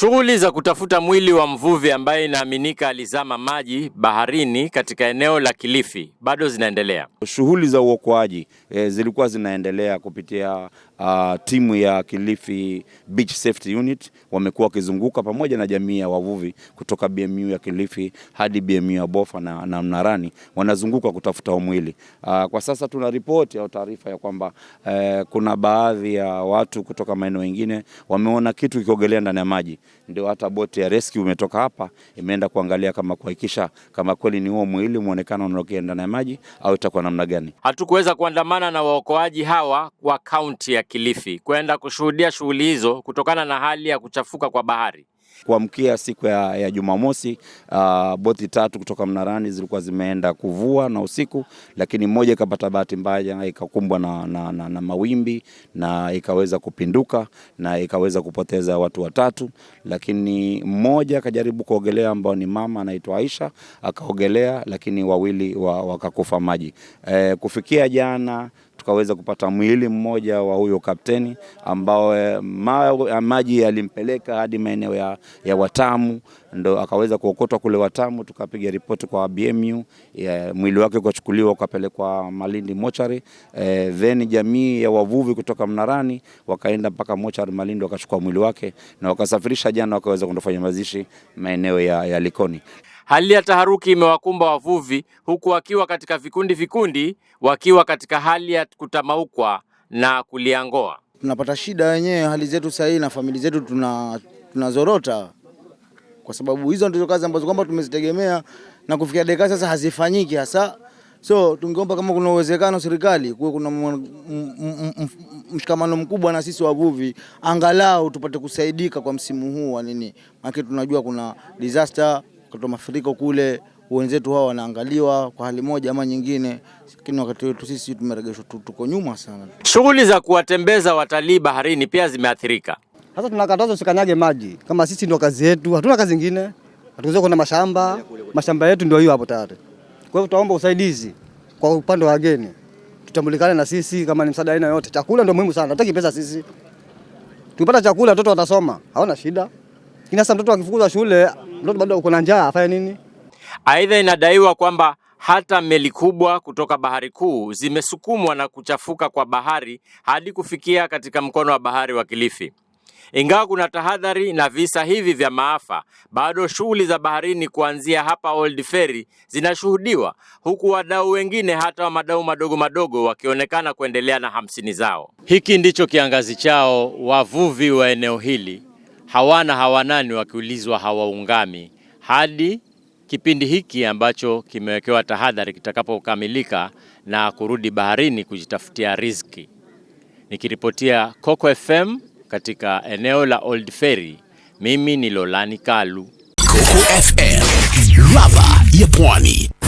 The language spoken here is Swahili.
Shughuli za kutafuta mwili wa mvuvi ambaye inaaminika alizama maji baharini katika eneo la Kilifi bado zinaendelea. Shughuli za uokoaji e, zilikuwa zinaendelea kupitia a, ah, timu ya Kilifi Beach Safety Unit, wamekuwa wakizunguka pamoja na jamii ya wavuvi kutoka BMU ya Kilifi hadi BMU ya Bofa na, na Mnarani, wanazunguka kutafuta mwili. Ah, kwa sasa tuna ripoti au taarifa ya kwamba e, kuna baadhi ya watu kutoka maeneo mengine wameona kitu kikiogelea ndani ya maji ndio hata boti ya rescue imetoka hapa imeenda kuangalia kama kuhakikisha kama kweli ni huo mwili muonekano unaokea ndani ya maji au itakuwa namna gani. Hatukuweza kuandamana na waokoaji hawa wa kaunti ya Kilifi kwenda kushuhudia shughuli hizo kutokana na hali ya kuchafuka kwa bahari. Kuamkia siku ya, ya Jumamosi uh, boti tatu kutoka Mnarani zilikuwa zimeenda kuvua na usiku, lakini moja ikapata bahati mbaya ikakumbwa na, na, na, na mawimbi na ikaweza kupinduka na ikaweza kupoteza watu watatu, lakini mmoja akajaribu kuogelea ambao ni mama anaitwa Aisha akaogelea, lakini wawili wakakufa maji. E, kufikia jana tukaweza kupata mwili mmoja wa huyo kapteni ambao eh, ma, eh, maji yalimpeleka hadi maeneo ya, ya Watamu, ndo akaweza kuokotwa kule Watamu. Tukapiga ripoti kwa BMU ya, mwili wake ukachukuliwa ukapelekwa Malindi mochari e, eh, then jamii ya wavuvi kutoka Mnarani wakaenda mpaka mochari Malindi wakachukua mwili wake na wakasafirisha jana, wakaweza kufanya mazishi maeneo ya, ya Likoni. Hali ya taharuki imewakumba wavuvi, huku wakiwa katika vikundi vikundi, wakiwa katika hali ya kutamaukwa na kuliangoa. Tunapata shida wenyewe, hali zetu sahihi na famili zetu tunazorota, tuna kwa sababu hizo ndizo kazi ambazo kwamba tumezitegemea na kufikia dakika sasa hazifanyiki hasa. So tungeomba kama kuna uwezekano serikali kuwe kuna mshikamano mkubwa na sisi wavuvi, angalau tupate kusaidika kwa msimu huu wa nini, maana tunajua kuna disaster wakati wa mafuriko kule wenzetu hao wanaangaliwa kwa hali moja ama nyingine, lakini wakati wetu sisi tumeregeshwa, tuko nyuma sana. Shughuli za kuwatembeza watalii baharini pia zimeathirika. Sasa tunakatazwa usikanyage maji, kama sisi ndio kazi yetu, hatuna kazi nyingine, hatuwezi kuna mashamba, mashamba yetu ndio hiyo hapo tayari. Kwa hiyo tutaomba usaidizi kwa upande wa wageni, tutambulikane na sisi kama ni msaada aina yote. Chakula ndio muhimu sana, hataki pesa sisi. Tupata chakula watoto watasoma, hawana shida. Lakini sasa mtoto akifukuzwa shule mtoto bado uko na njaa, afanye nini? Aidha, inadaiwa kwamba hata meli kubwa kutoka bahari kuu zimesukumwa na kuchafuka kwa bahari hadi kufikia katika mkono wa bahari wa Kilifi. Ingawa kuna tahadhari na visa hivi vya maafa, bado shughuli za baharini kuanzia hapa Old Ferry zinashuhudiwa, huku wadau wengine hata wa madau madogo madogo wakionekana kuendelea na hamsini zao. Hiki ndicho kiangazi chao wavuvi wa eneo hili hawana hawanani, wakiulizwa hawaungami hadi kipindi hiki ambacho kimewekewa tahadhari kitakapokamilika na kurudi baharini kujitafutia riziki. Nikiripotia Coco FM katika eneo la Old Ferry, mimi ni Lolani Kalu. Coco FM, ladha ya pwani.